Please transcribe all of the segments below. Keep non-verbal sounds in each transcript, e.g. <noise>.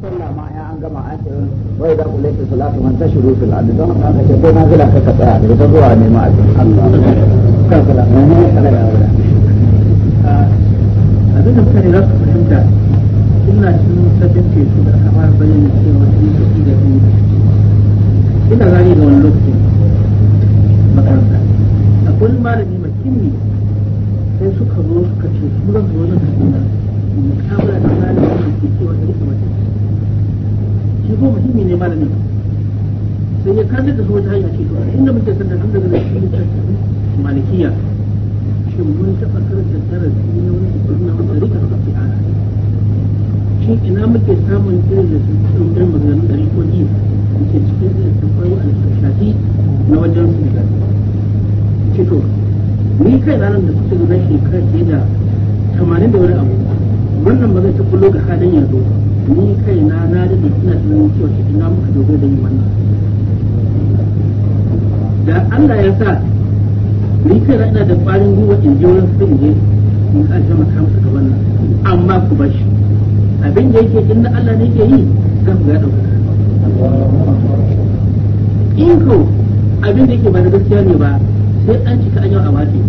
sallah ma ya an gama an ce wai da kula ta salatu man tashru fil ardi don haka kace ko na zila kaka tsaya da ta zuwa ne ma abin Allah kan sallah abin da mutane za fahimta ina cikin sabbin teku da kamar fara bayyana cewa shi da da shi ina gani da wani lokaci makaranta akwai malami makimmi sai suka zo suka ce su zan zo na mu mukabala da malamin da ke cewa da ke mace shi ko mutumi ne malami sai ya karanta da su wata hanya ce to inda muke sanda tun daga nan cikin littafin malikiya shin mun taɓa karanta darasi na wani tsibirin na wani rika a fi ala shin ina muke samun irin da su cikin irin maganganun ɗari ko ji muke cikin irin da kwayo a shafi na wajen su da ce to ni kai ranar da suke zuwa shekara fiye da tamanin da wani abu wannan ba zai taɓa ga halin yanzu ni kai na na da ina tunanin cewa cikin na muka dogo da yin wannan da Allah ya sa ni kai na ina da ƙwarin gwiwa in ji wurin su je in ka ga maka musu gaban amma ku shi. abin da yake inda Allah ne ke yi za ku ga dauka in ko abin da yake ba da gaskiya ne ba sai an cika an yau a wace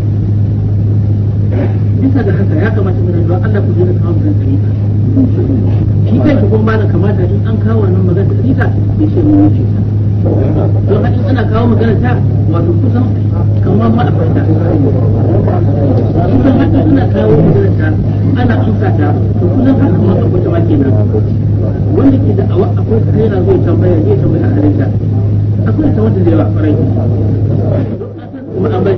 bisa da haka ya kamata mu don Allah ku jira kawo kan tarika shi kai ku kuma malam kamata in an kawo wannan magana tarika ya ce mu wuce ta don haka ana kawo magana ta wato kusan kamar ma a fata kusan haka suna kawo magana ta ana amsa ta to kusan haka ma abota fata ma kenan wanda ke da awa akwai kaira zai tambaya zai tambaya a halitta akwai ta wanda da yawa kwarai kuma an bai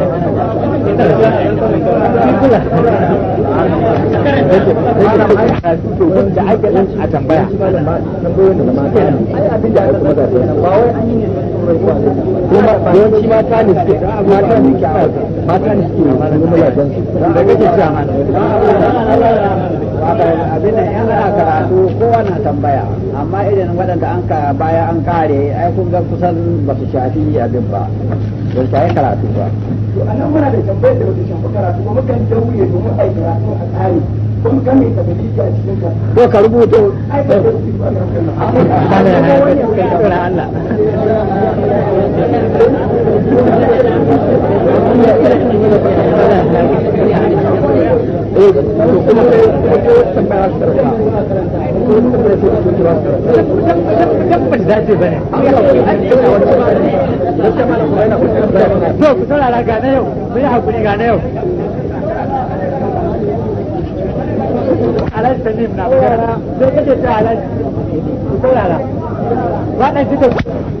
da ake nan a tambaya kuma yawanci mata ne suke mata ne suke mata ne suke daga kake cewa abin nan yan ana karatu kowa na tambaya amma idan waɗanda an ka baya an kare ai kun ga kusan ba su shafi abin ba ba su karatu ba to muna da tambayar da shafi karatu ba mukan domin karatu a tsari kun ga mai a cikin ka ka ai ba su ba Allah Allah <laughs> Alaji. dace na sai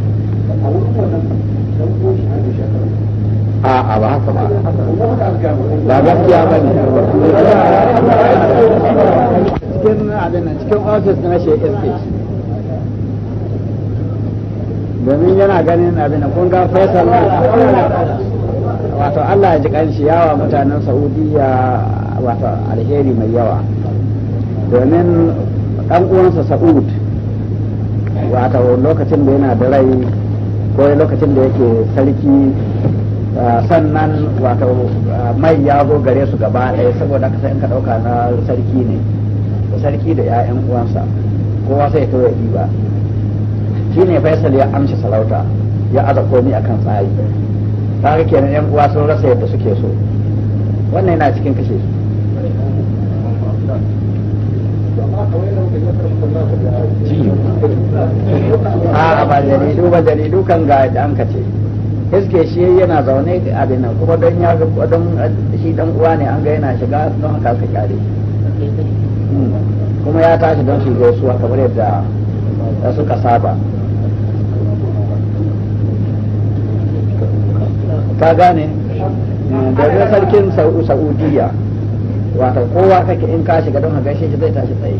a'a ba haka ba ba gaskiya ba ne cikin abin nan cikin ofis na shi sk domin yana ganin abin nan kun ga faisal wato Allah ya ji kanshi yawa mutanen Saudiya wato alheri mai yawa domin dan uwansa Sa'ud wato lokacin da yana da rai akwai lokacin da yake sarki sannan wato mai ya zo gare su gaba ɗaya saboda ka sai in ka ɗauka na sarki ne da sarki da 'ya'yan uwansa kowa sai ta yi ba shi ne faisal ya amshi salauta ya aza komi akan tsari rike kenan 'yan uwa sun rasa yadda suke so wannan yana cikin kashe su a ba jaridu ba jaridu kan ga an ka iske shi yana zaune abin nan kuma don ya ga don shi dan uwa ne an ga yana shiga don haka ka kyale hmm. kuma ya tashi don shi gaisuwa kamar yadda suka saba ka gane hmm. da domin sarkin saudiya wata kowa kake in ka shiga don haka shi zai tashi tsaye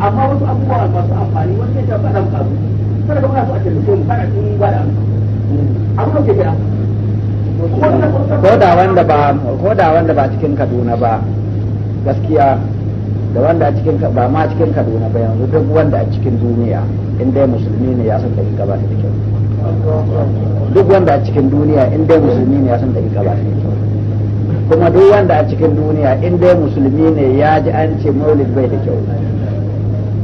amma wasu abubuwa masu amfani wani zai tafi adam kasu kada da wani su a taimake mu kada sun ba da abu da ke gida ko da wanda ba ko da wanda ba cikin Kaduna ba gaskiya da wanda a cikin ba ma cikin Kaduna ba yanzu duk wanda a cikin duniya in dai musulmi ne ya san da gaba da kyau duk wanda a cikin duniya in dai musulmi ne ya san da gaba da kyau kuma duk wanda a cikin duniya in dai musulmi ne ya ji an ce maulid bai da kyau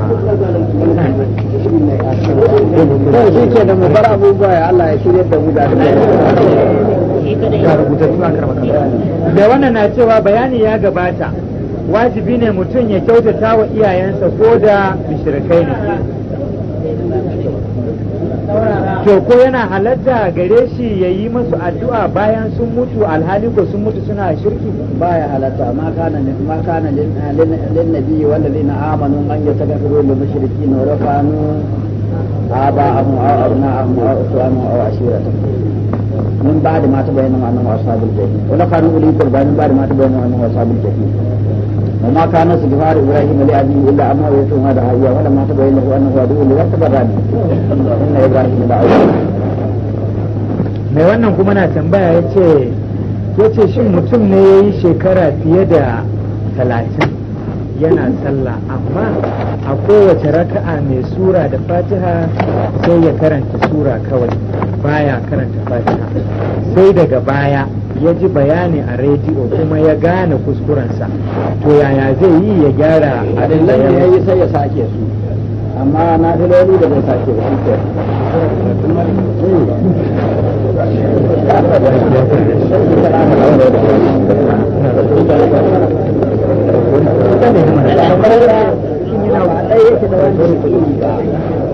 to shi ke da da wannan na cewa bayani ya gabata wajibi ne mutum ya kyautata wa iyayensa ko da bishirkai ne to ko yana halatta gare shi ya yi masu addu'a bayan sun mutu alhali ko sun mutu suna shirki baya halatta ma kana ne ma kana lin nabi wal ladina amanu an yataghfiru lil mushrikin wa rafanu a aw abna'ahum aw ikhwanahum aw ashiratahum من بعد ما تبين أنهم أصحاب الجحيم ولقد أولي قربان من بعد ما تبين أنهم أصحاب الجحيم وما كان استغفار ابراهيم لابيه الا ان وجهته هذا هو ولما تبين له انه عدو لوارتب راني ان ابراهيم لعوه mai wannan kuma na tambaya ya ce ya ce shin mutum ne ya yi shekara fiye da talatin yana sallah amma a kowace raka'a mai sura da fatiha sai ya karanta sura kawai baya karanta fatiha sai daga baya ya ji bayani a rediyo kuma ya gane kuskurensa to yaya zai yi ya gyara a da ya yi sai ya sake su amma na filoli da zai sake ba shi ke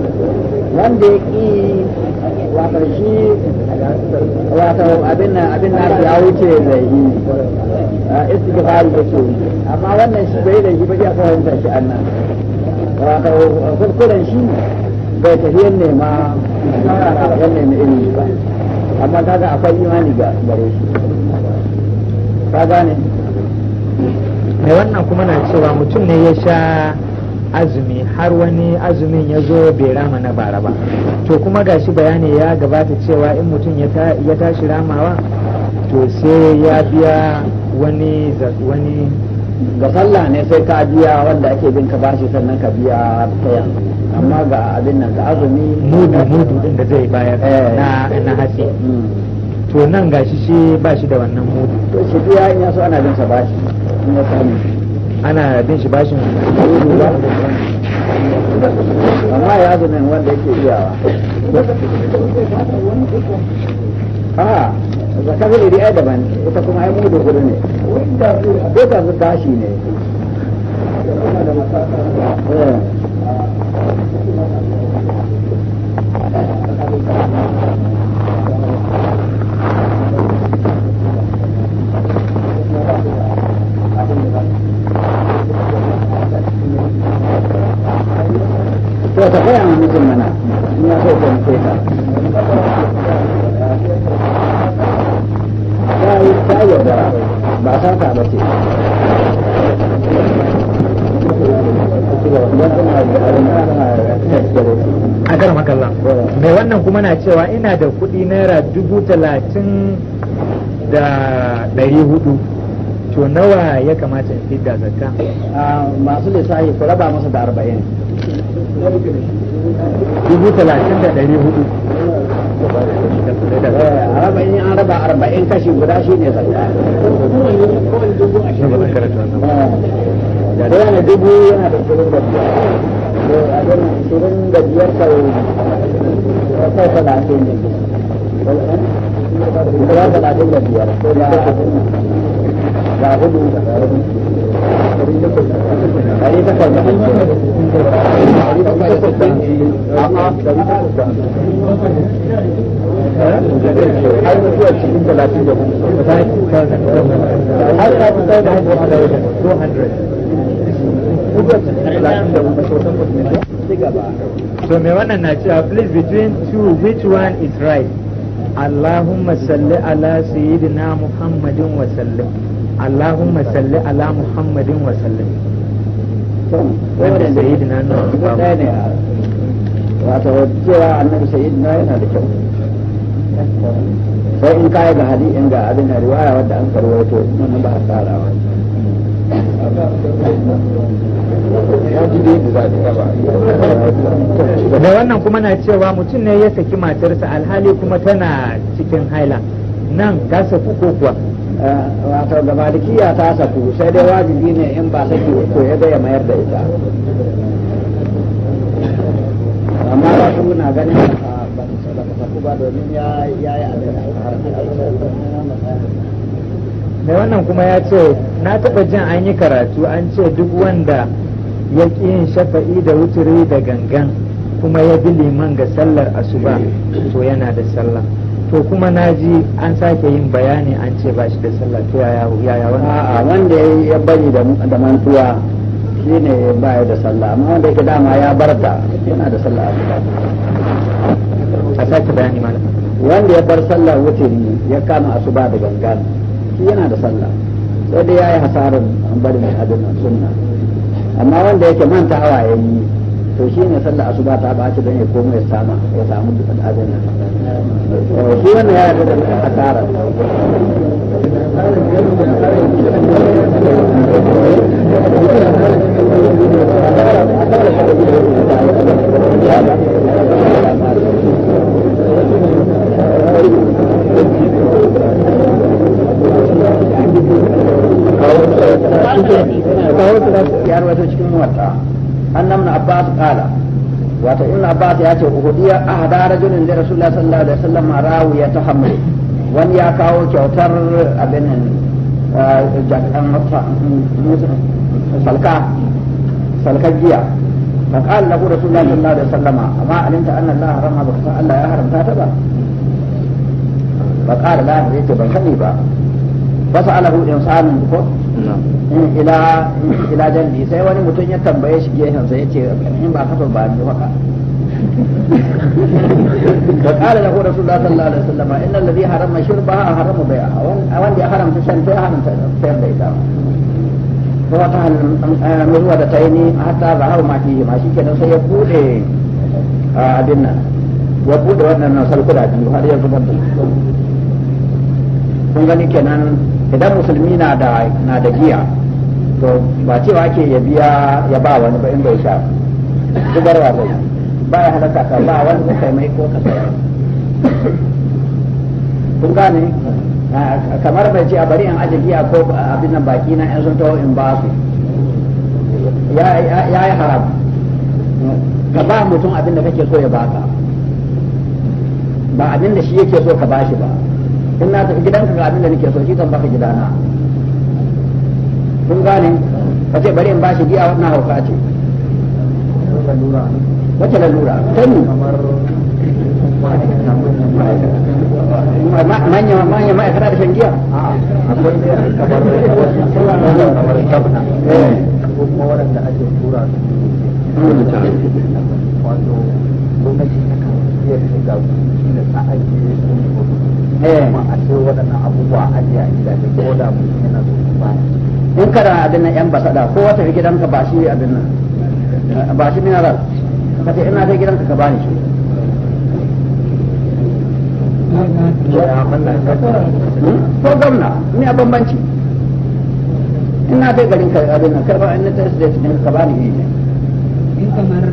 wanda ya ƙi wato shi wato abin nan abin nan ya wuce zai yi a ah, istighfari yake amma wannan shi bai da yi ba ya fahimta shi annan wato kurkuren shi bai tafiyar nema ya nemi ilimi ba amma kaga akwai imani ga gare shi ka gane mai wannan kuma na cewa mutum ne ya sha azumi har wani azumin ya zo bai rama na bara ba to kuma gashi bayani ya gabata cewa in mutum ya tashi ramawa to sai ya biya wani wani ga sallah ne sai ka biya wanda ake bin ka bashi sannan ka biya ta yanzu amma ga abin nan ga azumi mudu mudu din da zai bayar eh. na na hasi. Mm. to nan gashi shi bashi da wannan mudu to shi biya in ya so ana bin sa bashi in ya samu ana bin shi bashin rudu ba amma ya wanda yake iyawa a zakar iri ai daban ita kuma ai mudu ne ko ta su tashi ne Thank eh. you. to ta koya ma mutum mana in ya so ko ta ta yi ta yarda ba sa ta ba ce a makalla mai wannan kuma na cewa ina da kuɗi naira dubu talatin da ɗari hudu to nawa ya kamata in fidda zakka ah, masu lissafi ku raba masa da arba'in dubu talatin da ɗari hudu arba'in an raba arba'in kashi guda shi ne zakka dubu yana da shirin da biyar shirin da biyar da biyar So me wannan na cewa please between two which one is right? Allahumma salli ala sayyidina Muhammadin wa sallam. اللهم صل على محمد وسلم wannan sayyidina na wato cewa annabi sayyidina yana da kyau sai in in ga da wannan ba wannan kuma na cewa mutum ne ya saki matarsa alhali kuma tana cikin haila nan gasa ko kuwa Eh, wato ga malikiya ta saku sai dai wajibi ne in ba saki to ya ga ya mayar da ita amma ba su na ganin ah, ba ta saku ba domin ya yi da wannan kuma ya ce na taɓa jin an yi karatu an ce duk wanda ya ƙi yin shafa'i da wuturi da gangan kuma ya bi liman ga sallar asuba to yana da sallah to kuma na ji an sake yin bayani an ce ba shi da sallah to ya ya wani a'a wanda ya bari da mantuwa shi ne ba ya da sallah amma wanda yake dama ya barta yana da sallah a a sake bayani mana wanda ya bar sallah ne ya kama asuba da gangan shi yana da sallah sai dai ya yi bari barin abin sunna amma wanda yake manta hawa ya yi to shi ne sallah asuba ta ba ci don ya koma ya sama ya samu dukkan abin nan shi wannan ya yarda da asara kawo su da yar wato cikin muwatta anna ibn abbas qala wato abbas ya ce uhudiya ahada rajulun da rasulullahi sallallahu alaihi wasallam rawiya ta hamri wani ya kawo kyautar abin jami'an salka salkar giya فقال له رسول الله صلى الله عليه وسلم أما علمت أن الله حرمها بقصة ألا يحرم تاتبا فقال لا يجب أن با فسأله إنسان ila ila sai wani mutum ya tambaye shi gehen sai yace in ba kafa ba ni haka فقال له رسول الله صلى الله عليه وسلم ان الذي حرم شربها حرم بيعها وان يا حرم mun يا حرم تشن بيعها فوقع المزودتين حتى ظهر ما فيهما شيء كده سيقول abin nan ya bude waɗannan salkuna biyu har ya zubar da kun gani kenan idan musulmi na da na da giya to ba cewa ake ya biya ya ba wani ba in bai sha zubarwa zai ba ya halaka ka ba wani ko kai mai ko ka sai kun gane kamar bai ce a bari in aje giya ko abin nan baki na yan sun in ba su ya yi haram ka ba mutum abin da kake so ya baka ba abin da shi yake so ka bashi ba in na tafi gidanka ga abin da nake so shi kan baka gidana kun gane ka ce bari in bashi giya wannan hauka ce wace lalura sani manya manya ma'aikata da shan giya akwai kamar kamar kuma waɗanda ake tura su wato gwamnati ta kan iya shiga Eh. kuma a ce waɗannan abubuwa a ajiye a gida da ko da mutum yana so baya in kana abin nan yan basada ko wata fi gidanka ba shi abin nan ba shi mineral ka ce ina sai gidanka ka bani shi hmm? ko gwamna ni a bambanci ina dai garin ka abin nan karba in na ta su da cikin ka bani ne in kamar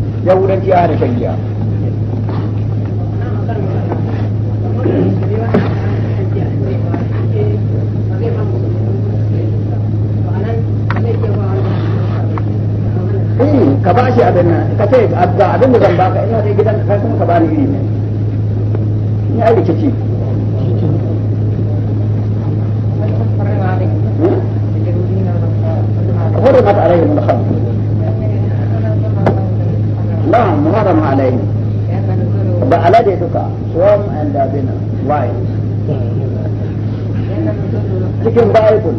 yahudanci ya da shan giya eh, ka ba shi abin nan ka ce ga abin da zan baka ina dai gidan ka kuma ka bani iri ne ni ai حرم عليهم بألدي تقع صوم عند بنا وايد لكن بايكل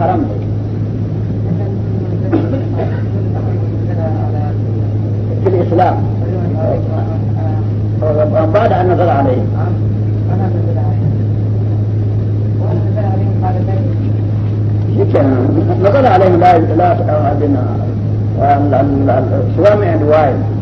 حرم في الإسلام بعد أن نزل عليهم نزل عليهم لا لا سوامع الوايد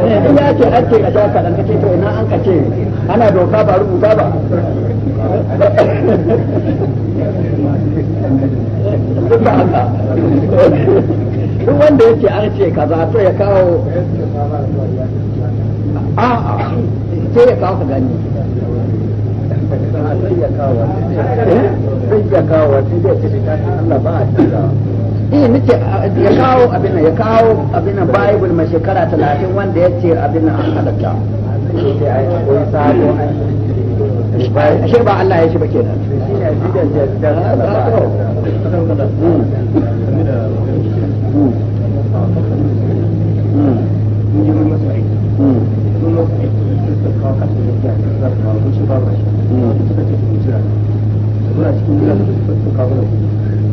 in ya ce an ce ka sha kace to ina an kace ana doka ba rubuta ba duk wanda yake an ce kaza to ya kawo ya kawo ka gani zai ya kawo zai ya kawo zai ya ba eh nace ya kawo abin ya kawo abin bible mai shekara 30 wanda ya ce abin an halatta ashe ba Allah ya shi ba kenan Thank you.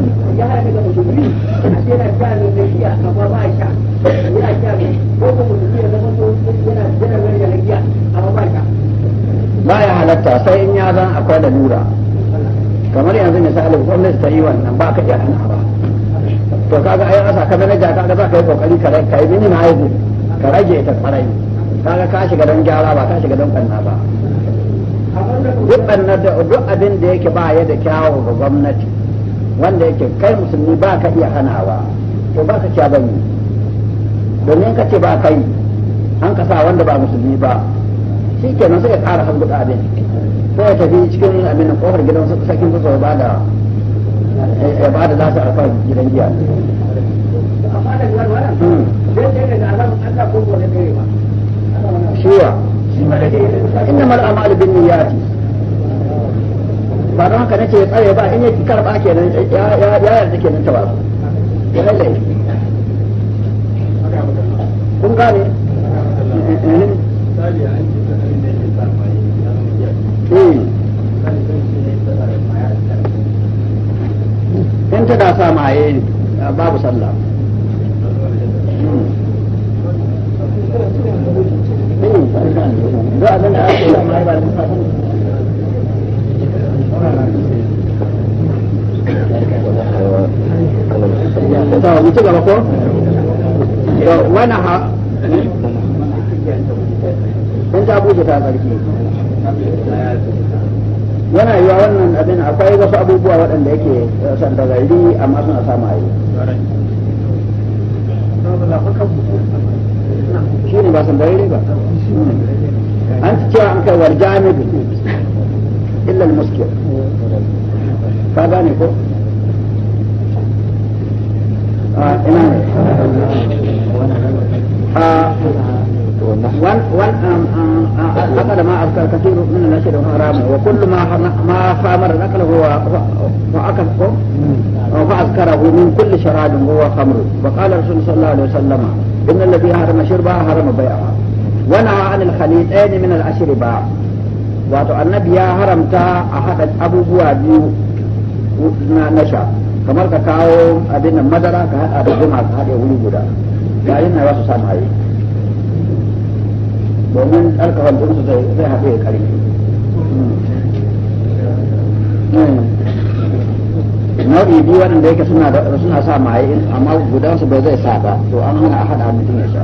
yana a ce sha amma ba sha sha ko ko ya zama to yana amma ba sha halatta sai in ya zan akwai lura kamar yanzu misali gwamnati ta yi wannan ba ka iya hana ba to kaga ai asa ka manaja kaga za ka yi kokari ka ka yi mini na ka rage ta kwarai kaga ka shiga don gyara ba ka shiga don kanna ba duk abin da yake ba ya da kyawu ga gwamnati wanda yake kai musulmi ba ka iya hanawa to ba ka kya ba ne domin ka ce ba ka yi an ka sa wanda ba musulmi ba shi kenan sai ya ƙara hanguɗa abin ko ya tafi cikin abin kofar gidan sakin kusa ba da ya ba da lasa alfa gidan giya shiwa inna mal'amalu bin niyyati ba don haka nake ya tsare ba in yake ki karba kenan ya ya yarda kenan ta ba ya laifi kun gane eh. in ta da sa maye babu sallah da abin da ake yi ba da to yana yiwa wannan abin akwai wasu abubuwa waɗanda yake sandarari amma suna sama yi shi ne ba ba an ci cewa an kai jami'in إلا المسكر فأباني آه, آه، وان أكل آه، آه، ما أكل كثير من الأشياء الحرام وكل ما ما خامر أكله هو فأذكره من كل شراب هو خمر وقال الرسول صلى الله عليه وسلم إن الذي حرم شربها حرم بيعها ونهى عن الخليطين من الأشرباء wato annabi ya haramta a haɗa abubuwa biyu na nasha kamar ka kawo abin nan madara ka haɗa da zuma ka haɗe wuri guda yayin na wasu samu haye domin alkawar su zai haɗe ƙarfi hmm. hmm. nau'i biyu waɗanda yake suna sa maye amma gudansu bai zai sa ba to an hana a haɗa mutum ya sha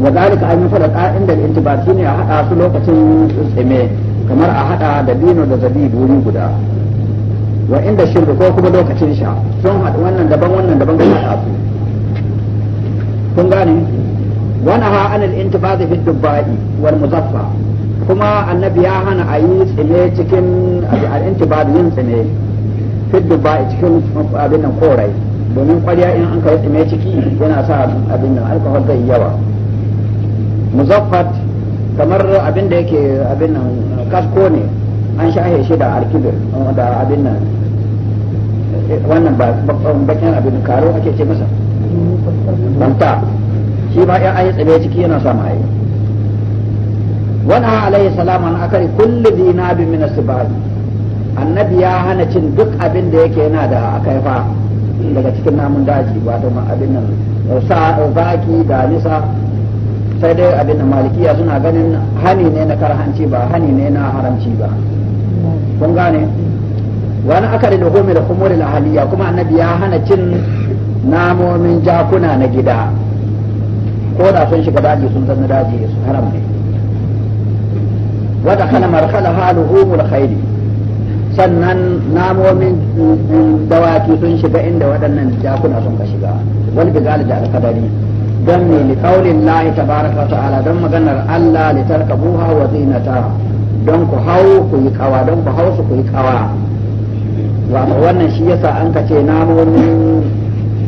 wa zalika an yusala qa'in da intibar shine a hada su lokacin tsime kamar a hada da dino da zabibu wuri guda wa inda shin ko kuma lokacin sha sun haɗu wannan daban wannan daban ga haɗa su kun gane wani ha anil intibaz fi dubbai wal muzaffa kuma annabi ya hana a yi tsime cikin al intibaz yin tsime fi dubbai cikin abin nan korai domin kwariya in an kai tsime ciki yana sa abin nan alkohol zai yawa muzaffat kamar abin da yake abin nan kasko ne an shahe shi da alkibir da abin nan wannan bakin abin karo ake ce masa banta shi ma ya ayi tsabe ciki yana sa mai wani alayhi salam an akari kulli dinabi min asbab annabi ya hana cin duk abin da yake yana da akaifa daga cikin namun daji wato abin nan sa zaki da nisa sai dai abin da malikiya suna ganin hani ne na karhanci ba hani ne na haramci ba kun gane wani akari da homi da wani lahaliya kuma annabi ya hana cin namomin jakuna na gida ko da sun shiga daji sun zama daji su haram ne wata kana markala umul khairi sannan namomin dawaki sun shiga inda waɗannan jakuna sun ka shiga wani bigali da alkadari don ne li kaulin lahi tabaraka wa ta'ala don maganar Allah litarka tarkabuha wa zinata don ku hau ku yi kawa don ku hau su ku yi kawa wato wannan shi yasa an ka ce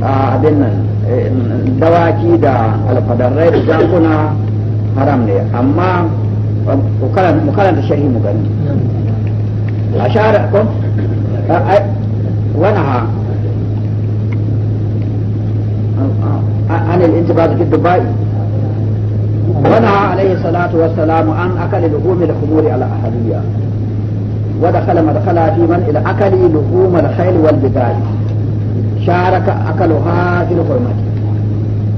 abin nan dawaki da alfadarrai da zakuna haram ne amma mu karanta sharhi mu gani a ko wani ha عن الانتباه في الدباء ونهى عليه الصلاة والسلام عن أكل لحوم الخمور على أحدية ودخل مدخلها في من إلى أكل لحوم الخيل والبقال شارك أكلها في الحرمة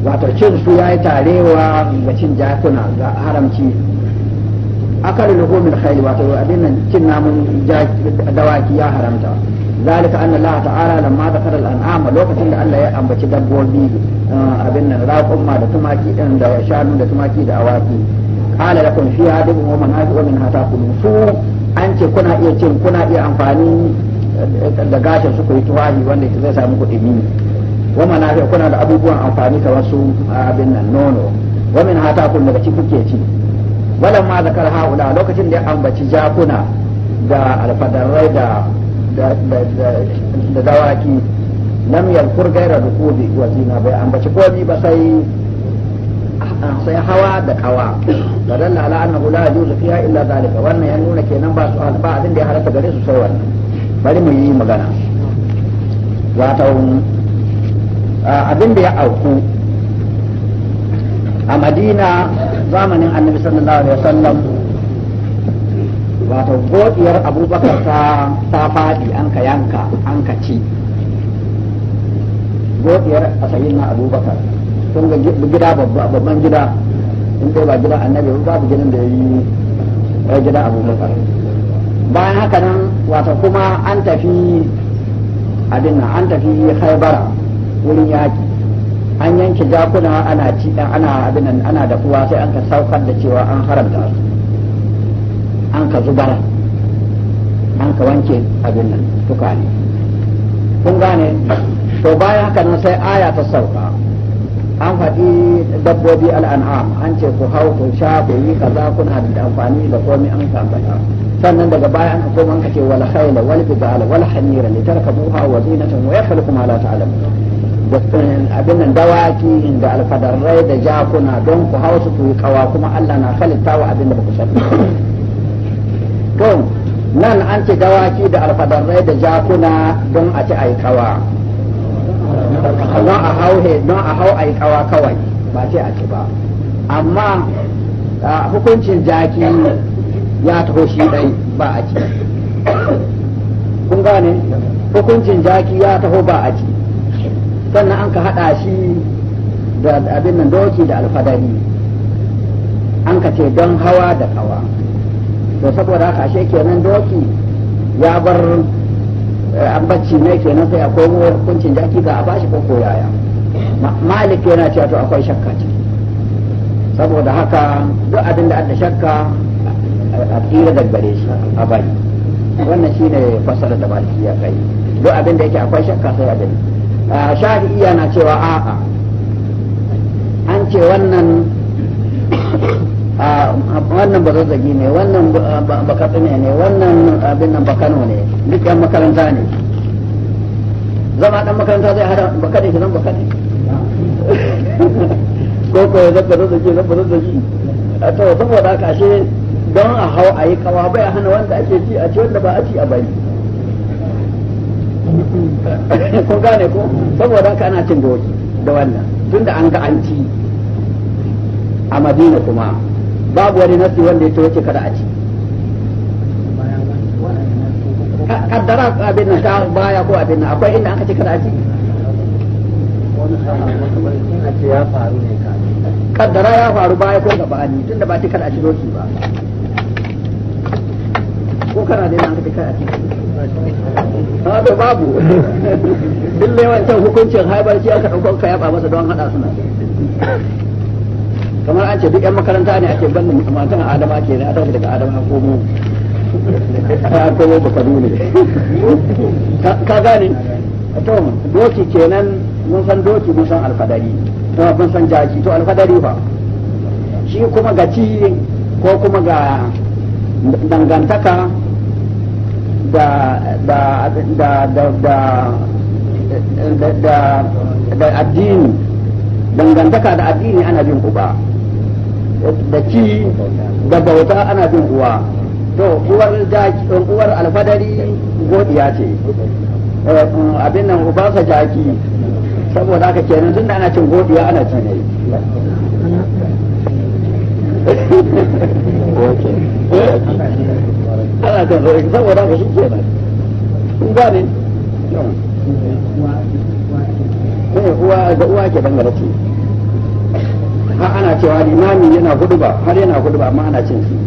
wato cin su ya yi tarewa ga cin jakuna haramci akali luhumin khayl wato abin nan cin namun dawaki ya haramta zalika anna Allah ta'ala lamma dhakara al-an'ama lokacin da Allah ya ambaci dabbobi abin nan raƙumma da tumaki ɗin da shanu da tumaki da awaki qala lakum fiha dibun wa manafi wa minha takulun su an ce kuna iya cin kuna iya amfani da gashin su ku yi tuwahi wanda zai samu kuɗi mini wa manafi kuna da abubuwan amfani kamar su abin nan nono wa hata takulun daga ciki kuke ci walan ma zakar haula lokacin da ya ambaci jakuna da alfadarai da da dawaki lam gaira da kodi wa zina bai ambaci kodi ba sai ah, sai hawa da kawa da dalla ala annahu la yuzu fiha illa zalika wannan ya nuna kenan ba su ba abin da ya halatta gare su sai wannan bari mu yi magana wato ah, abin da ya auku a madina zamanin annabi sallallahu alaihi wasallam wato godiyar abubakar ta ta fadi an ka yanka an ka ci godiyar a sayin na abubakar sun ga gida babban gida in dai ba gida annabi ba babu gidan da ya yi gida abubakar bayan haka nan wata kuma an tafi abin nan an tafi haibara wurin yaki an yanke jakuna ana ci ana abin nan ana dafuwa sai an ka saukar da cewa an haramta su an ka zubar an ka wanke abin nan tukane kun gane to bayan haka nan sai aya ta sauka an faɗi dabbobi al'an'am an ce ku hau ku sha ku yi kaza kuna da amfani da komai an kambata sannan daga baya an koma an kace wal khayla wal bidala wal hamira li tarkabuha wa zinatan wa yakhluqu ma la ta'lamun abin nan dawaki da alfadarrai da jakuna don ku hau su ku yi kawa kuma Allah na wa abin da ba ku sani to nan an ce dawaki da alfadarrai da jakuna don a ci ai kawa don a hau don a hau ai kawa kawai ba ce a ci ba amma hukuncin jaki ya taho shi dai ba a ci kun gane hukuncin jaki ya taho ba a ci sannan an ka hada shi da abin nan doki da alfadari an ka ce don hawa da kawa to saboda haka ashe kenan doki ya bar Eh, an bacci ne nan sai akwai hukuncin jaki ga a bashi ko koyaya malik yana cewa to akwai shakka ce saboda haka duk abin da adda shakka a tsira da gare shi a bari wannan shine fasara da maliki ya kai duk abin da yake akwai shakka sai a bari ah, shafi'i yana cewa a'a an ce wannan wannan bazazzagi ne wannan bakatsine ne wannan abin nan bakano ne duk yan makaranta ne zama dan makaranta zai hada bakade shi nan bakade <laughs> ko ko ya ke zaka zaba zazzagi a to saboda ka she don a hau a yi kawa bai hana wanda ake ci a ci wanda ba a ci a bari <laughs> kun gane ko saboda ka ana cin doki da wannan tunda an ga an ci a madina kuma babu wani nasi wanda ya ce kada a ci kaddara abin nan ta baya ko abin nan akwai inda aka ce kada a ci kaddara ya faru baya ko gaba ni tunda ba ta kada a ci doki ba ko kana da aka ce kada a ci haka babu <laughs> duk can hukuncin haibar shi aka ɗaukar ka yaba masa don haɗa suna kamar an ce duk yan makaranta ne ake ganin matan adama ke ne a tashi daga adama ko mu a komo ba kadu ne ka gane to doki kenan mun san doki mun san alfadari to mun san jaki to alfadari ba shi kuma ga ci ko kuma ga dangantaka da da da da da da da addini dangantaka da addini ana jin ba da ci da bauta ana bin uwa to uwar daki um, uwar alfadari godiya ce um, abin nan uba sa jaki saboda haka kenan tunda ana cin godiya ana ci ne ana cin godiya saboda haka shi kenan kun gane uwa ga uwa ke dangane ce har ana cewa limami yana hudu ba har yana hudu ba amma ana cin shi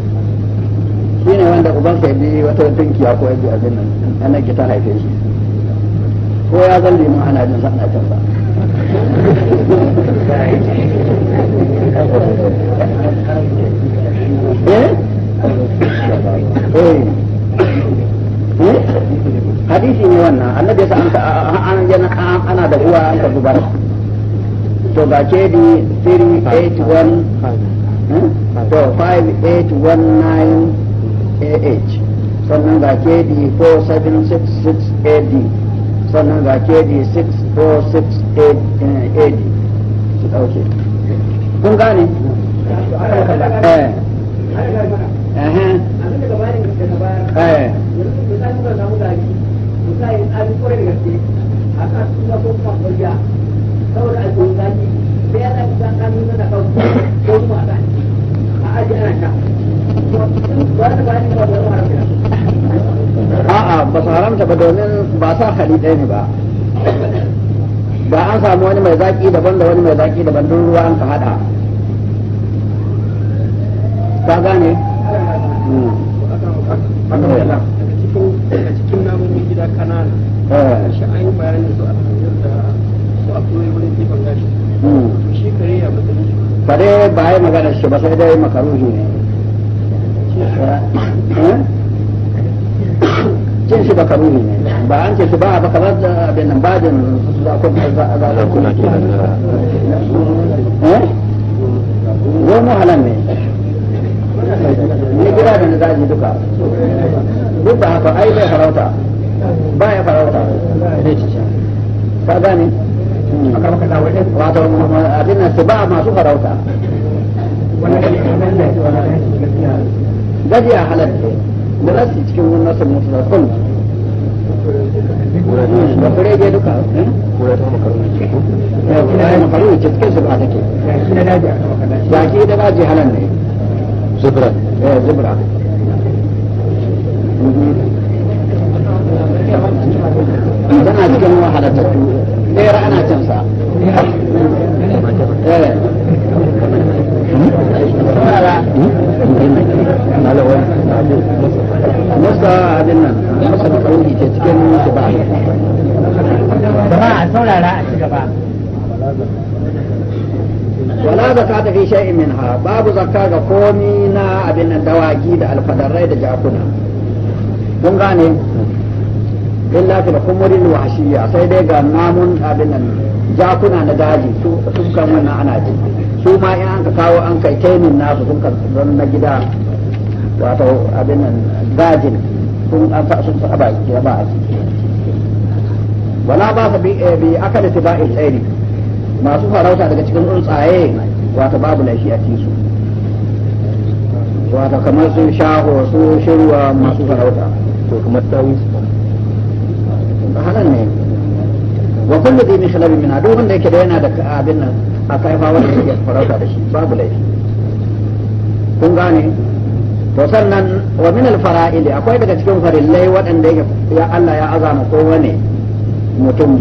shi ne wanda uban ya yi wata tunkiya ko yaji abin nan ana gita haife shi ko ya zan liman ana jin sa ana cin sa <laughs> eh? Eh? Eh? hadisi ne wannan annabi ya sa ana da uwa an ka zubar to ga kedi 381 to 58198 sannan ga kedi 47668d sannan ga kedi 6468d su kun gane? eh eh eh misali inganta ba domin ba sa hali ɗaya ne ba ba an samu wani mai zaki daban da wani mai zaki daban don ruwa an ka hada ka gane hmm. cikin su kare ya ba ya magana shi ba sai dai makaruhi ne cin shi bakaru ne ba an ce su ba a baka ba da abin nan ba da za eh? a nan wani halan ne ni gida da nazari duka duk da haka ai bai farauta ba ya farauta ka gane wato abin nan su ba masu farauta gajiya halatta ba za su cikin wannan nasu mutu za su ba duka da eh? daji halan ne eh, mhm. saurara a ci gaba wala ta fi min ha, babu zakka ga komi na abin nan dawaki da alfadarai da jakuna Mun gane illa fil khumurin wa ya sai dai ga namun abin nan jakuna na daji su kan wannan ana jin su ma in an ka kawo an kai na su sun kan na gida wato abin nan dajin sun an sa sun ba a ciki wala ba ka bi eh, akala tiba'il tsari masu farauta daga cikin tsuntsaye wata babu laifi a cikin su wata kamar su shaho su shirwa masu farauta to kamar a hakan ne wa kullu dhi mikhlab min adu wanda yake da yana da abin nan a kaifa wanda yake farauta da shi babu laifi kun gane to sannan wa min al fara'ili akwai daga cikin farillai waɗanda ya Allah ya azama kowa ne mutum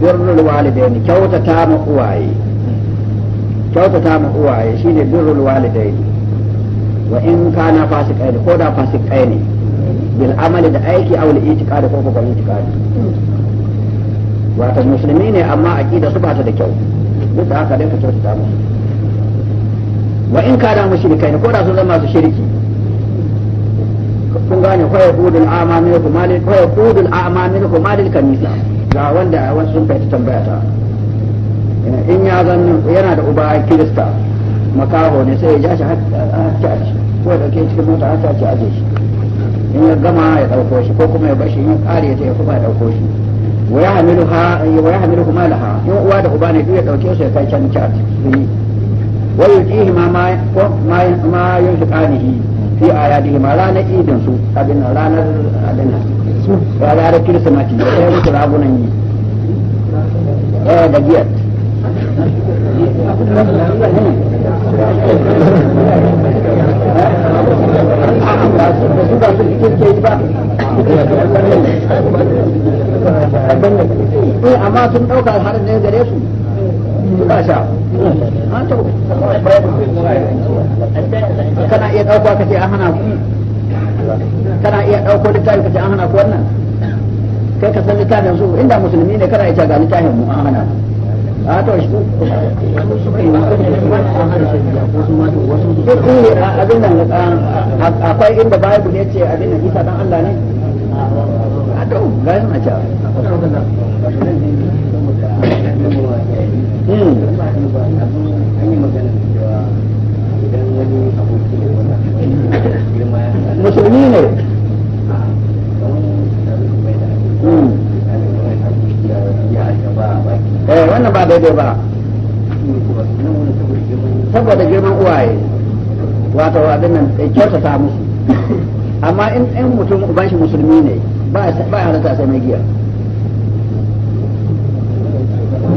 birrul walidaini kyautata ma uwaye kyautata ma uwaye shine birrul walidaini wa in kana fasikai ko da fasikai ne bil amali da aiki aw al itiqadi ko ko itiqadi wato musulmi ne amma aqida su bata da kyau duk da haka dai ka kyautata mu wa in kana mushrikai ne ko da sun zama su shirki kun gane kwaya kudin a'ma malil ko yaqudul a'ma malil kanisa ga wanda wasu sun fahimta tambaya ta eh, in ya zan yana da uba kirista makaho ne sai ya ja shi haka a shi ko da ke cikin mota haka ci aje shi in ya gama ya dauko shi ko kuma ya bashi in kare ta ya kuma ya dauko shi wa ya hamilu ha wa ya hamilu kuma laha in uwa da uba ne duk ya dauke su ya kai can ci a ciki ma ma ma ma ma yunfiqanihi fi ayatihi ma ranar idin su abin ranar abin ranar kirsimati da ya rufe ragunan yi ɗaya eh, da giyar eh, amma sun ɗauka har ne gare su ba sha kana iya ɗauko ka ce an hana ku kana iya ɗauko littafi ka ce an hana ku wannan kai ka san littafin su inda musulmi ne kana iya ga littafin mu an hana a to shi abin nan akwai inda babu ne ce abin nan isa dan Allah ne a to ga yana cewa musulmi ne eh wannan ba daidai ba saboda girman uwaye wato abin nan kyautata musu amma in mutum uban shi musulmi ne ba ya rata sai mai giya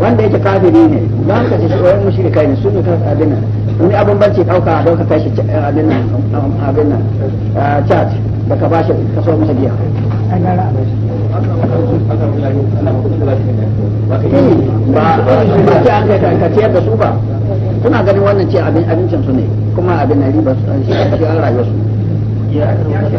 wanda yake kafiri ne ba ka ce shi wani kai ne su ne ka abin nan wani abin banci dauka a dauka kashi abin nan abin nan charge da ka bashi ka so masa giya ba ce an kai ka ciyar da su ba suna ganin wannan ce abincin su ne kuma abin na riba shi an rayuwa su ya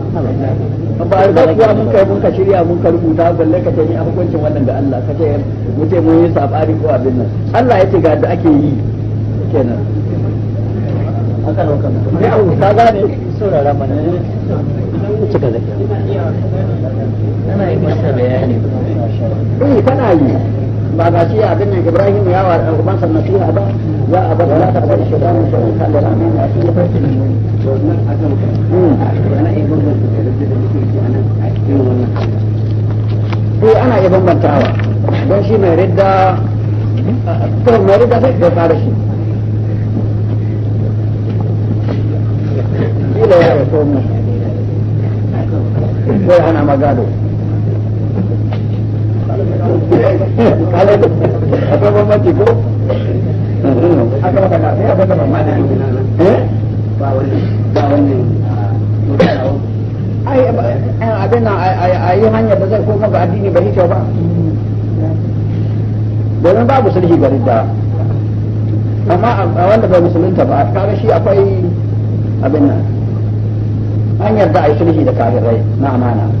ba a kuwa mun kai mun ka shirya mun ka rubuta balle ka ce ni a hukuncin wannan ga Allah ka ce mu ce mun yi sabari ko abin nan Allah ya ga da ake yi kenan haka ne ka gane saurara mana ne yi masa bayani eh kana yi ba ga shi abin nan Ibrahim ya wa ɗan sa nasiha ba ya bar da ta bar shi dan shi kan da ramin ya shi ya farki to nan akan hmm. ana iya bambanta da da ana a cikin wannan eh, bambantawa don shi mai ridda to mai ridda sai da fara shi kila ya ko mu ko ana magado kaga akwai bambanci ko aka da ba ba wani ba wani a da ba ba babu sulhi a ridda amma a wanda bai musulunta ba kaga shi akwai abin nan hanyar da a yi sulhi da kafirai na amana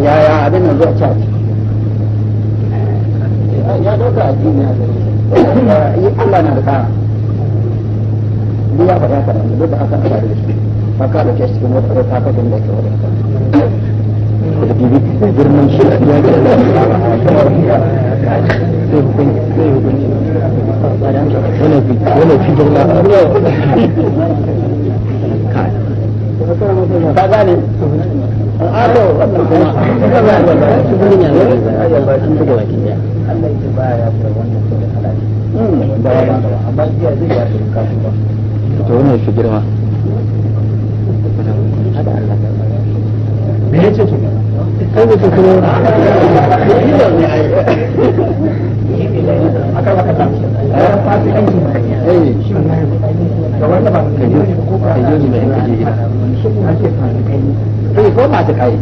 ya ya abin nan zuwa ya dauka a gari yi Allah na da kara duk ya faɗa duk da haka ba da shi ba ka da cikin wata ka gani da ke da bibi girman shi ya ga da ka gane ah, wannan to wannan shi girma me yace kai ne ne aka baka ta fasi kan ki eh. shi wannan da wanda ba ka ka ne ka ake fara kai ko ta kai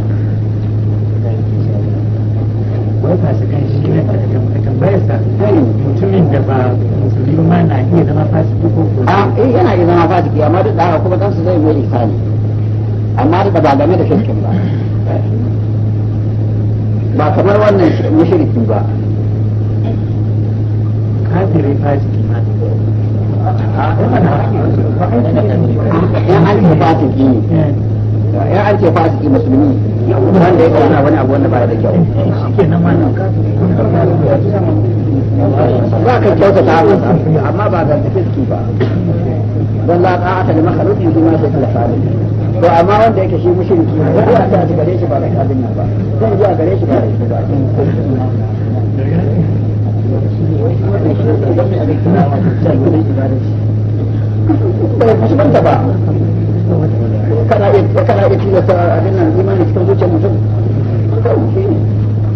zai zama fasiki ko a ah, eh yana iya zama fasiki amma duk da haka kuma kansa zai mai isani amma da ba game da shirkin ba ba kamar wannan mushriki ba fasiki ma ya ce fasiki ne ya an ce fasiki musulmi wanda ya kauna wani abu wanda ba da kyau za ka kyautata masa amma ba ga fiski ba don la ta aka da makhluqin shi ma sai kalfani to amma wanda yake shi mushriki ko ta gare shi ba da kadin ba zan ji gare shi ba da shi ba kana iya kana iya abin nan imanin cikin zuciyar mutum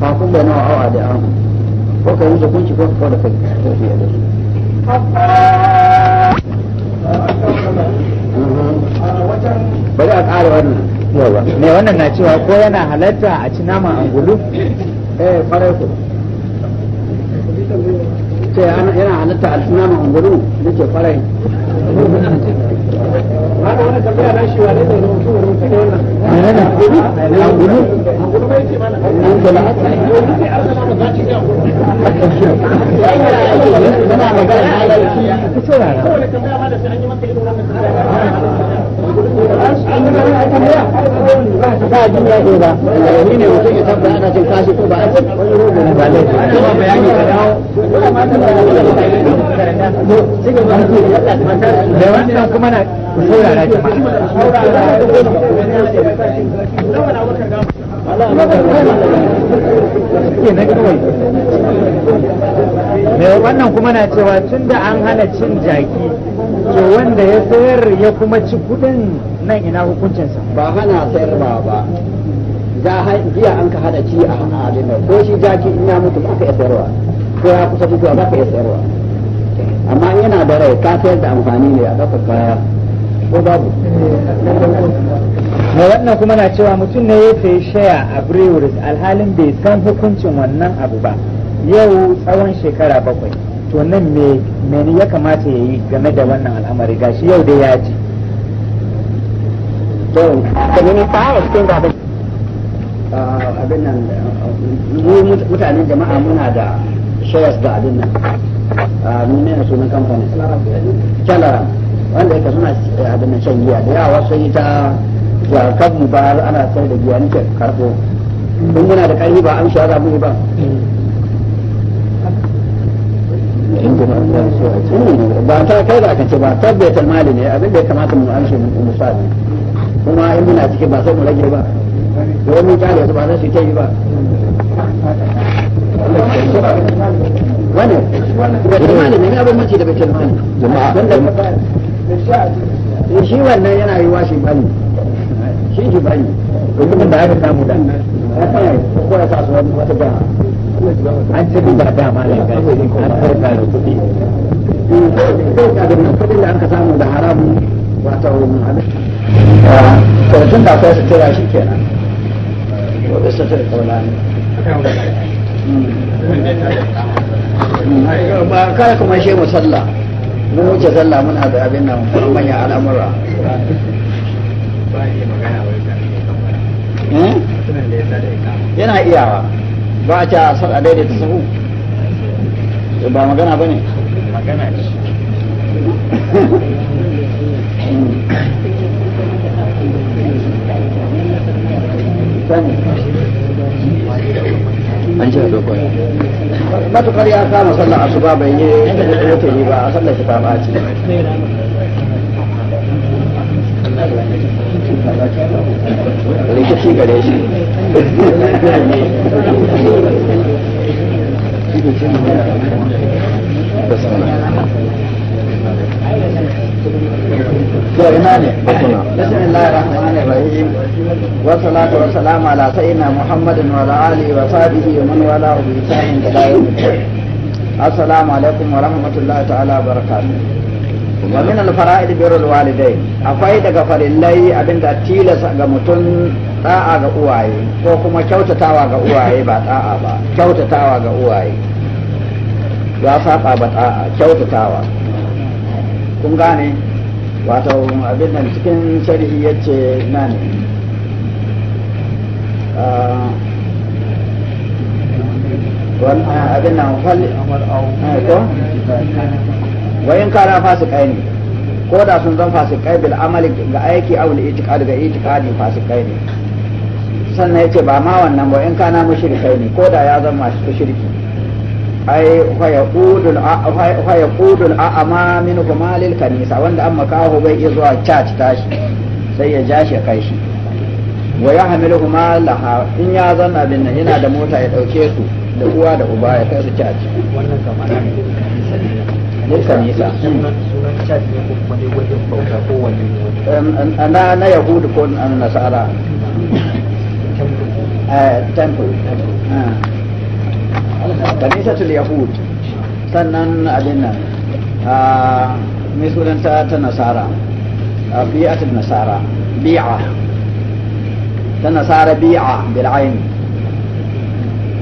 fa kullu nawa awa da an ko ka yi ko ka da kai ko fiye da su bari a ƙara wannan mai wannan na cewa ko yana halatta a ci naman angulu eh farai ku ce yana halatta a ci naman angulu ke farai Mana wani tafiya na shi wa ne da mutum wannan. Angulu? da wannan kuma na saurara jama'a mai wannan kuma na cewa tun da an hana cin jaki to wanda ya sayar ya kuma ci kudin nan ina hukuncinsa ba hana sayarwa ba da jiya an ka hada ci a abin ko shi jaki in ya mutu ba ka sayarwa ko ya kusa mutuwa ba ka iya sayarwa amma yana da rai ka sayar da amfani ne a ɗaukar kaya ko babu mai wannan kuma na cewa mutum ne ya sayi shaya a breweries alhalin bai san hukuncin wannan abu ba yau tsawon shekara bakwai to nan me meni ya kamata ya yi game da wannan al'amari gashi yau dai ya ji to ah, abin nan mutanen jama'a muna da shares da abin nan ah, menene sunan kamfanin kyalara wanda yake suna eh, abin nan shan giya da yawa sun yi ta wa kan mu ba ana sai da giya nake karbo mun muna da karfi ba an shara mu ba ba ta kai da kace ba tabbata mali ne abin da ya kamata mu amshe mu misali kuma in muna cikin ba sai mu rage ba don mun kare su ba sai su kai ba wani tabbatar ne abin mace da bai ce jama'a shi wannan yana yi washe bane shi shi bari mutumin da aka samu da ko ya sa su wani wata da an ce ba da ma ne ga shi an da kuɗi kuɗin da aka samu da haramun wata wurin halittar da ta shi kenan hmm. ba kuma shi mun wuce sallah muna da abin nan manya al'amura Eh? yana iya ba ba a ce a sar a daidaita sahu ba magana ba ne an ce da kwaya matukar ya kama sallar asuba bai yi yake yi ba a sallar shi ba ba a ce Ni ke shi gare shi. wasalatu wa salamu ala sayyidina muhammadin wa ali wa sahbihi wa man wala wa bi sa'in da assalamu alaikum wa rahmatullahi ta'ala barakatuh wa al-fara'id birrul walidai akwai daga farillai abinda tilas ga mutum da'a ga uwaye ko kuma kyautatawa ga uwaye ba da'a ba kyautatawa ga uwaye ya saba ba da'a kyautatawa kun gane wato cikin sharhi yace ah, ah, wayin kana fasikai ne ko da sun zan fasikai bil amali ga aiki aw al itiqad ga ne fasikai ne sannan yace ba ma wannan ba in kana mushrikai ne ko da ya zan masu shirki. ai fa yaqudul fa a amma min kumalil kanisa wanda amma makaho bai iya zuwa church tashi sai ya ja shi kai shi wa ya hamilu kuma laha in ya zanna bin nan yana da mota ya dauke su da uwa da uba ya kai su church wannan kamar nesa um, um, uh, na na yahudu ko uh, nasara temple uh, ah. kanisatul yahud sannan abin nan ah, mai sunanta ta nasara ah, bi'atul nasara bi'a ta nasara bi'a bil'ain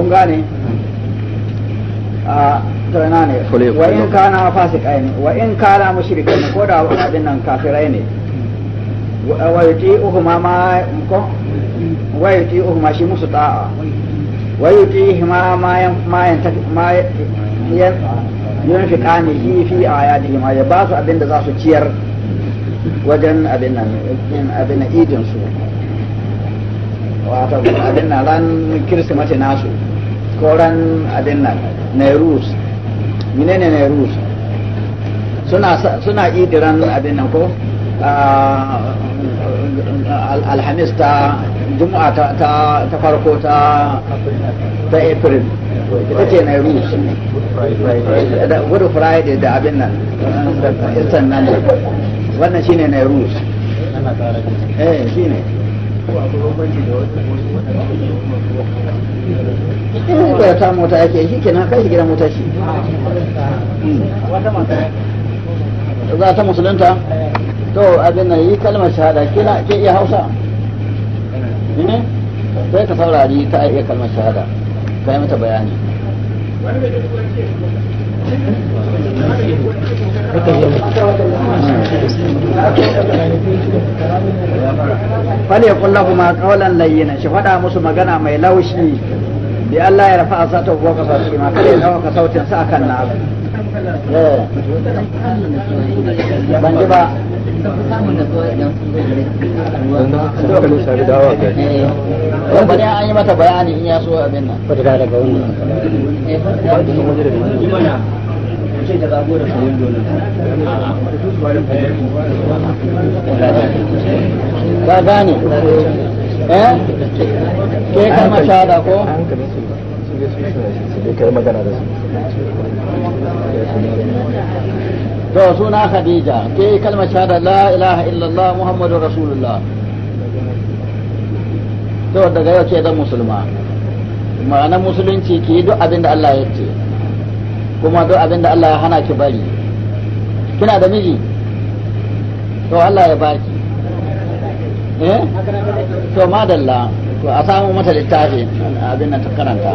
kun gane a ah, tana ne wa in ka kana fasikai ne wa in ka kana mushrikai ne ko da abin nan kafirai ne wa yuti uhuma ma ko wa yuti uhuma shi musu ta'a wa yuti hima ma ma ma yan fi kane shi fi ayatihi ma ya ba su abin da za su ciyar wajen abin nan abin idin su wato abin nan ran kirsimati nasu koran abin nan nairus menene nairus suna suna idiran abin nan ko ah, ah, alhamis ta juma'a ta farko ta april ita ce na rus friday da abin nan eastern nan wannan shine na rus eh shine in ba ta mota ake shi kenan kai shi gidan mota shi za ta musulunta to abin na yi kalmar shahada kina ke iya hausa ne sai ka saurari ta iya kalmar shahada ka yi mata bayani fal ya kullahu ma qawlan layyina shi faɗa musu magana mai laushi bi Allah ya rafa asata wa shi ma kare ya ka sautin sa akan nasu ban ba an yi mata bayani so ke ko kai magana da su to suna khadija ke kalmar shahada la ilaha illallah muhammadu rasulullah to daga yau ke zan musulma ma'ana musulunci ki yi duk abin da Allah ya ce kuma duk abin da Allah ya hana ki bari kina da miji to Allah ya baki eh to madalla to a samu mata littafi abin nan ta karanta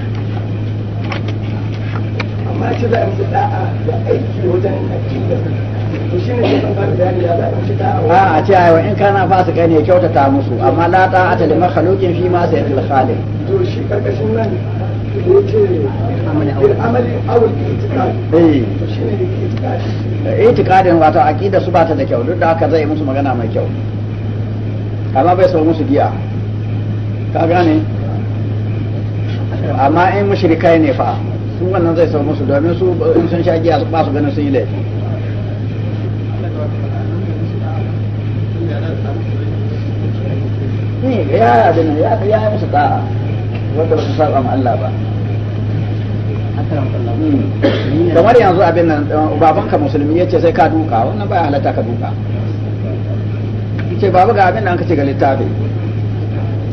amma ce za a musu da'a da aiki wajen addini da to shi ne zan fara bayani ya za a musu da'a a ce ayo in kana fasika ne kyautata musu amma la ta'ata li makhluqin fi ma sayyidul khaliq to shi karkashin nan itikadin wato aqida su bata da kyau duk da haka zai musu magana mai kyau amma bai sau musu giya ka gane amma in mushrikai ne fa su wannan zai samu su domin su eh, in sun sha giya ba su ganin sun yi laifi ne ya abin ya ya musu ta'a wanda ba su saba ma Allah ba hmm. kamar yanzu abin nan eh, ka musulmi ya ce sai ka duka wannan baya halatta ka duka ce babu ga abin nan anka ce ga littafi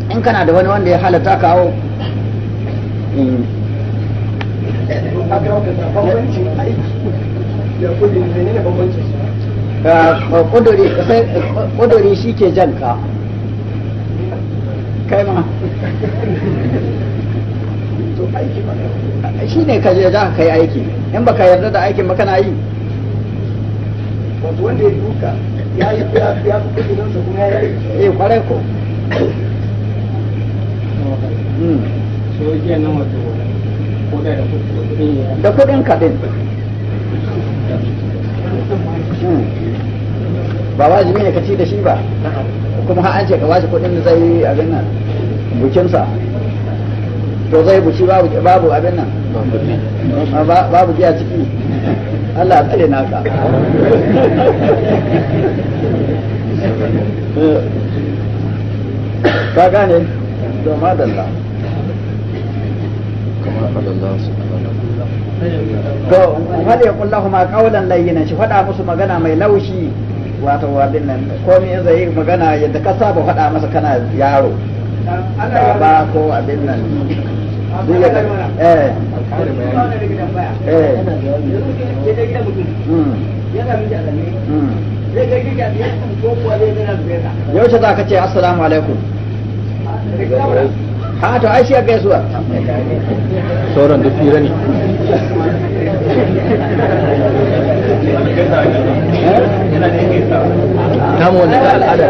in kana da wani wanda ya halatta kawo bambancin aiki shi ke jan ka kai ma shi ne ka za ka yi aiki in ba ka yarda da aikin ba kana yi wato wanda ya duka ya yi ya fi kudinansa kuma ya yi eh kwarai ko hmm. so yake nan wato da kudin kaɗin hmm. ba wajibi ne ka ci da shi ba kuma har an ce ka bashi kudin da zai yi abin nan bukinsa to zai buci babu abin nan babu giya ciki Allah tsare naka <laughs> eh. ka gane to madalla to ya kulla lahum qawlan layyana shi faɗa musu magana mai laushi wato wadin nan ko me zai magana yadda ka saba faɗa masa kana yaro ba ko abin nan eh eh hmm. hmm. yaushe za ka ce assalamu alaikum a to ai shi ya gaisuwa sauran duk fira ne namu eh? wannan ga al'ada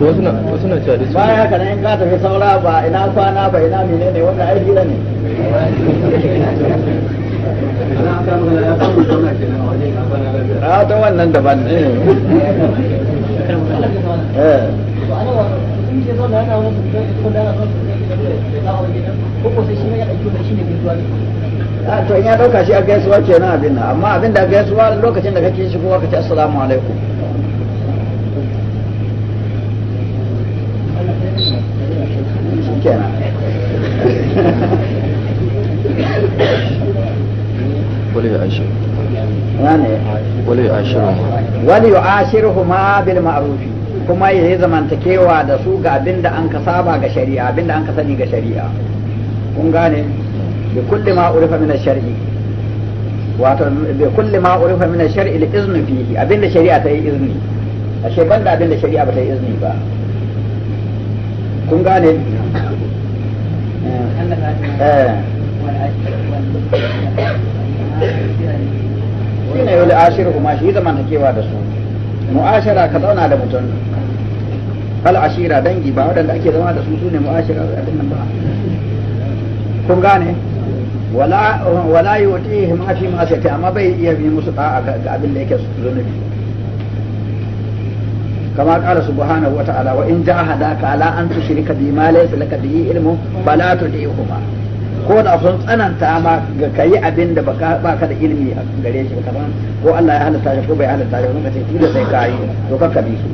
wasu na wasu na cewa dace bayan haka nan ka tafi saura ba ina kwana ba ina mine ne wannan ai hira ne a ah, ta wannan daban ne <laughs> Eh. a ah, to in ya dauka shi a gaisuwa ke kenan abin nan amma abin da gaisuwa lokacin da kake shigowa kace assalamu alaikum kenan wale ya ashirin wale ya ashirin wal yu'ashiruhuma bil ma'rufi kuma yayi zamantakewa da su ga abinda an ka saba ga shari'a abinda an ka sani ga shari'a kun gane bi kulli ma urifa min shari wato bi kulli ma urifa min ash-shar'i li izni fihi abinda shari'a ta yi izini shari'a ba ta yi izini ba kun gane eh. Eh. shi ne yau ashiru kuma shi zamantakewa da su mu'ashara ka zauna da mutum al ashira dangi ba waɗanda ake zama da su su ne mu'ashira da nan ba kun gane wala wata yuti ma fi masu sai amma bai iya yi musu ɗa'a ga abin da yake zunubi kama su subhanahu wa ta'ala wa in ka ala an tushrika bi ma laysa laka bihi ilmu fala kuma ko da sun tsananta ma ga kayi abin da baka da ilimi a gare shi kaman ko Allah ya halatta shi ko bai halatta shi kuma sai kila sai kayi to ka kabi su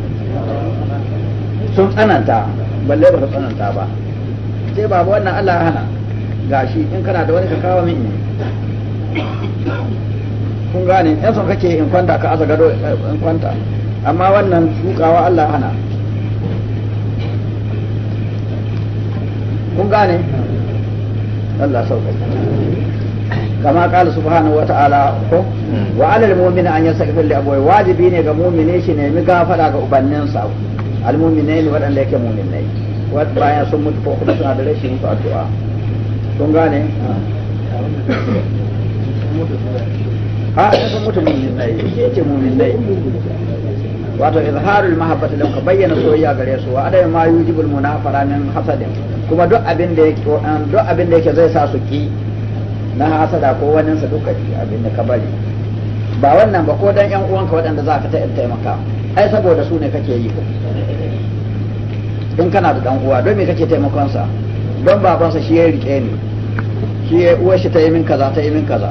sun tsananta balle ba su tsananta ba sai babu wannan Allah ya hana gashi in kana da wani ka kawo min kun gane in son kake in kwanta ka aza gado eh, in kwanta amma wannan shukawa Allah ya hana kun gane Allah sauka kama qala subhanahu wa ta'ala ko hmm. wa alal mu'mina mumin an yastaghfir li abawayhi wajibi ne ga mu'mine shi ne mi gafara ga ubanninsa al mu'mine ne waɗanda yake mu'mine wat bayan sun mutu ko kuma suna da rashi mutu addu'a kun gane a sun mutu mu'minai shi ce mu'minai wato izharul mahabbati lam ka bayyana soyayya gare su wa adai ma yujibul munafara min hasadin kuma duk abin da yake um, duk abin da yake zai sa su ki na hasada ko wannan sa duka abin da ka bari ba wannan ba ko dan yan uwanka waɗanda za ka taimaka ai saboda su ne kake yi in kana da dan uwa don me kake taimakon sa don babansa shi ya rike ni shi ya uwar shi ta yi min kaza ta yi min kaza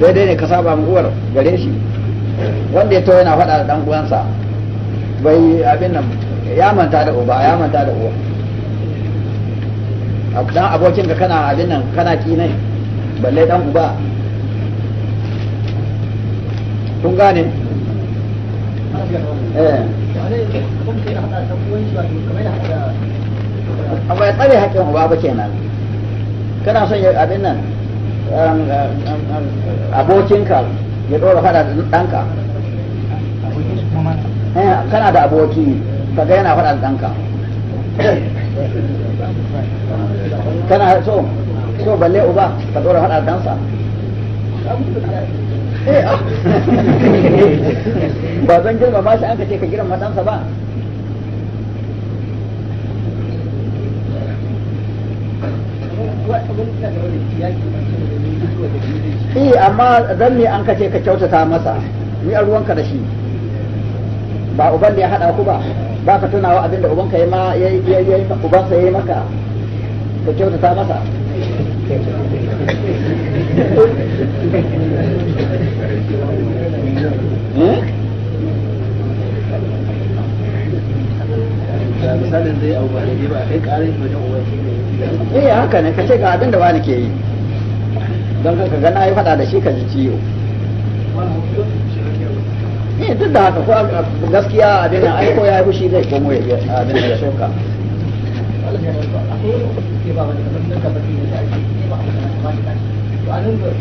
daidai ne ka saba mu uwar gare shi wanda ya to yana faɗa da ɗan uwansa bai abin nan ya manta da uba ya manta da uwa dan abokin ka kana abin nan kana kinai balle dan uba kun gane eh amma ya tsare uba ba kenan kana son abin nan um, um, um, abokinka ya ɗora faɗa da ɗanka eh, kana da aboki kaga yana faɗa da ɗanka kana so so balle uba ka ɗora faɗa da ɗansa eh, ba zan girma ba shi an ka ce ka girma ɗansa ba wani abin da da wani eh amma dan ne an kace ka kyautata masa ni a ruwanka da shi ba uban ne ya hada ku ba ba ka tunawa abinda ubanka ya ma ya yi ubansa ya yi maka ka kyautata masa hmm? misalin zai abu ba ba kai wajen uwa eh haka ne ka ce ga abin da wani ke yi don ka ga na yi faɗa da shi ka ji ciwo eh duk da haka ko gaskiya abin nan aiko ya yi fushi zai komo ya biya abin da ya shauka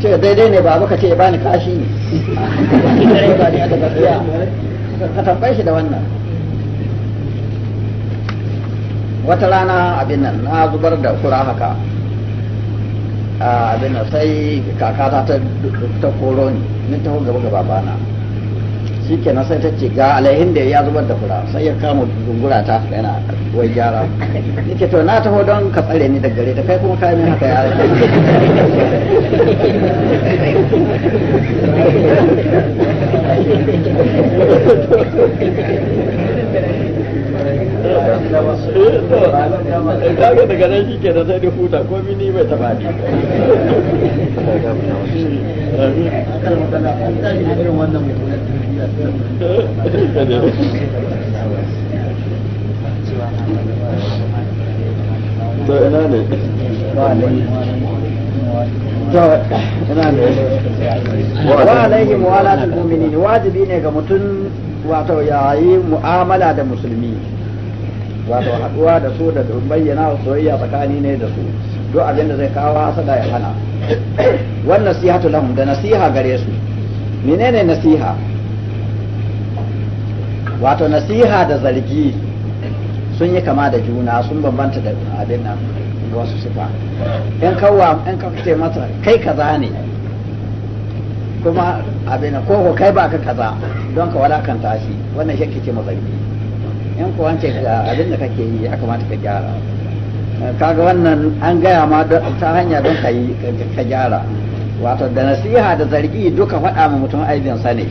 ce daidai ne ba baka ce ya bani kashi ba ne a biya ka tambaye shi da wannan wata rana abin nan na zubar da kura haka Ah, abin da sai kaka ta ta koro ni ni ta gaba gaba bana shi kenan sai ta ce ga alaihin da ya zubar da fura sai ya kama gungura ta yana wai gyara ke to na taho don ka tsare ni da gare ta kai kuma kai haka ya rage <laughs> Eh, eh, eh, kaga daga nan shi ke da sai da huta ko mini to ina ne wa alaihi mu'alatul mu'minin wajibi ne ga mutum wato yayi mu'amala da musulmi wato haɗuwa da su da bayyana soyayya tsakani ne da su duk abin da zai kawo hasada ya hana wannan nasihatu lahum da nasiha gare su menene nasiha wato nasiha da zargi sun yi kama da juna sun bambanta da abin nan wasu sifa in kawwa in ka ce masa kai kaza ne kuma abin ko kai ba ka kaza don ka walakanta shi wannan shi ke ce mazargi in kuwa ce abin da kake yi ya kamata ka gyara kaga wannan an gaya ma ta hanya don ka yi ka gyara wato da nasiha da zargi duka faɗa ma mutum sa ne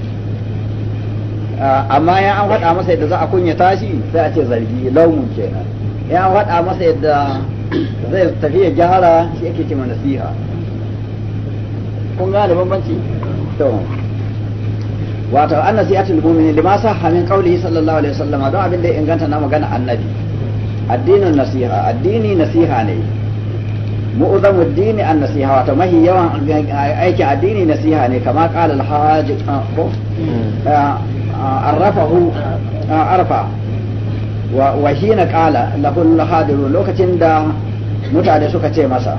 amma ya an faɗa masa yadda za a kunya tashi sai a ce zargi launin kenan ya an faɗa masa yadda zai tafi ya gyara shi yake ce ma nasiha kun gane bambanci wato annasiyatul mu'mini lima sahha min qawlihi sallallahu alaihi wasallam don abin da ya inganta na magana annabi addinin nasiha addini nasiha ne mu'zamu addini an nasiha wato mahi yawan aiki addini nasiha ne kama qala al hajj ah, ko hmm. ah, ah, arrafahu arfa wa hina qala lahul lokacin da mutane suka ce masa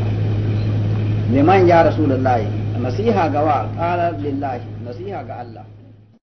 liman ya rasulullahi nasiha ga wa qala lillahi nasiha ga Allah